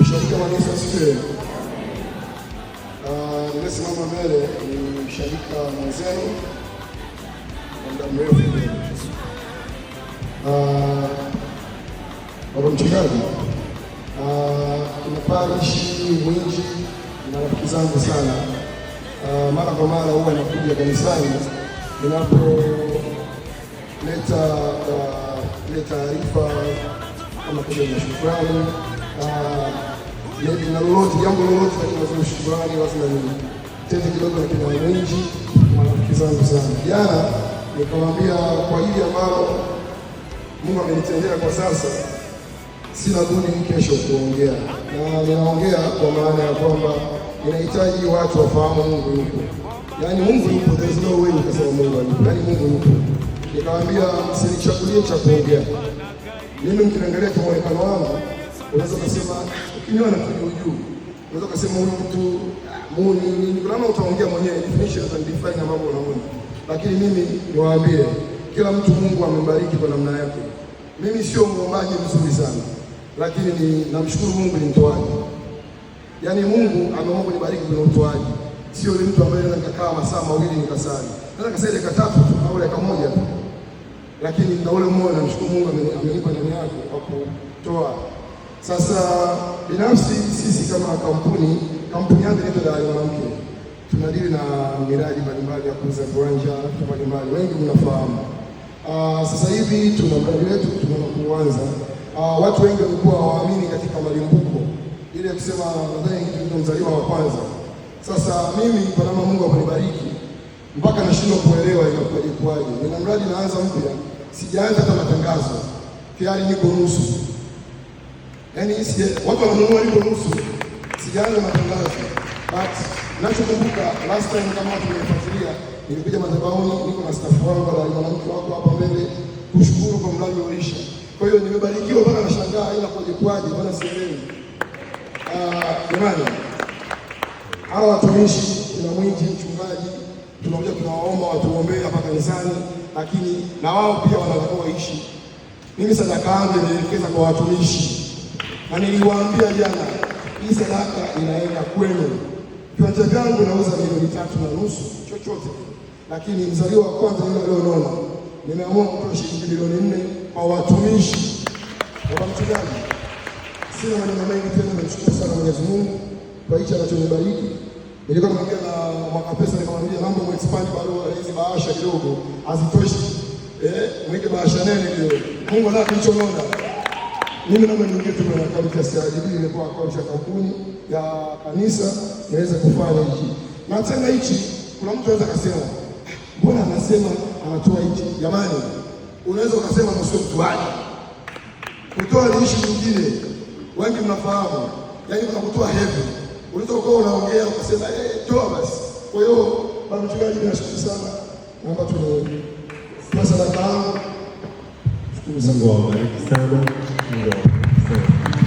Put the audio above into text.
Mshabiki wa Yesu asifiwe. Ah, nimesimama mbele ni mshabiki mwenzenu kwa muda mrefu. Baba ah, mchungaji, ah, kuna parishi Mwinji na rafiki zangu sana, mara kwa mara huwa nakuja kanisani ninapoleta ile taarifa kama kuja na shukrani na lolote jambo lolote lazima shukrani, lazima nitende kidogo na kina wananchi marafiki zangu sana. Jana nikawaambia kwa hili ambalo Mungu amenitendea kwa sasa, sina budi kesho kuongea, na ninaongea kwa maana ya kwamba ninahitaji watu wafahamu Mungu yupo, yaani Mungu yupo, there is no way ukasema Mungu hayupo, yaani Mungu yupo. Nikawaambia msinichagulie cha kuongea mimi, mkiniangalia kwa muonekano wangu unaweza kusema ukinyona kitu juu, unaweza kusema huyu mtu ah, muni nini, kuna mtu anaongea mwenyewe definitions and define mambo unaona. Lakini mimi niwaambie kila mtu Mungu amembariki kwa namna yake. Mimi sio muombaji mzuri sana, lakini ni namshukuru Mungu ni mtoaji. Yaani Mungu ameomba kunibariki kwa utoaji. Sio ni mtu ambaye anaweza kukaa masaa mawili nikasali. Naweza kasali dakika tatu au dakika moja tu. Lakini na ule mmoja namshukuru Mungu amenipa ndani yake kwa kutoa. Sasa binafsi sisi kama kampuni, kampuni yangu inaitwa Dalali Mwanamke, tunadili na miradi mbalimbali ya kuuza viwanja mbalimbali, wengi mnafahamu. Uh, sasa hivi tuna mradi wetu tunaenda kuanza. Uh, watu wengi walikuwa hawaamini katika malimbuko ile kusema, nadhani mzaliwa wa kwanza. Sasa mimi kwa namna Mungu amenibariki mpaka nashindwa kuelewa inakuwaje kwaje, nina mradi naanza mpya, sijaanza hata matangazo, tayari niko nusu Yaani hii watu wananunua lipo nusu, sijaanza matangazo. But nachokumbuka last time kama watu wanafuatilia, nilikuja madhabahuni niko na staff wangu na wananchi wako hapa mbele kushukuru kwa mradi ulisha. Kwa hiyo nimebarikiwa mpaka nashangaa ila kwaje kwaje wana sielewi. Ah, jamani. Hawa watumishi na mwingi mchungaji tunakuja tunawaomba watuombee hapa kanisani, lakini na wao pia wanatakiwa waishi. Mimi sadaka yangu nielekeza kwa watumishi na niliwaambia jana, hii sadaka inaenda kwenu. Viwanja vyangu nauza milioni tatu na nusu chochote, lakini mzaliwa wa kwanza yule alionona, nimeamua kutoa shilingi milioni nne kwa watumishi. Baba mchungaji, sina maneno mengi tena, namshukuru sana Mwenyezi Mungu kwa hicho anachonibariki. Nilikuwa naongea na mwaka pesa, nikamwambia mambo ya expand barua hizi bahasha kidogo hazitoshi, eh, mweke bahasha nene kidogo. Mungu anakuchonona. Mimi naomba niingie tu kwenye akaunti ya CRDB, imekuwa akaunti ya kampuni ya kanisa niweze kufanya hichi na tena hichi. Kuna mtu anaweza kusema mbona anasema anatoa hichi? Jamani, unaweza ukasema na sio mtoaji, kutoa ni nyingine, wengi mnafahamu, yaani kuna kutoa heavy, unaweza ukawa unaongea ukasema eh, toa basi. Kwa hiyo bwana mchungaji, nashukuru sana, naomba tu sasa, la kalamu. Shukuru zangu wabariki sana Hero. So,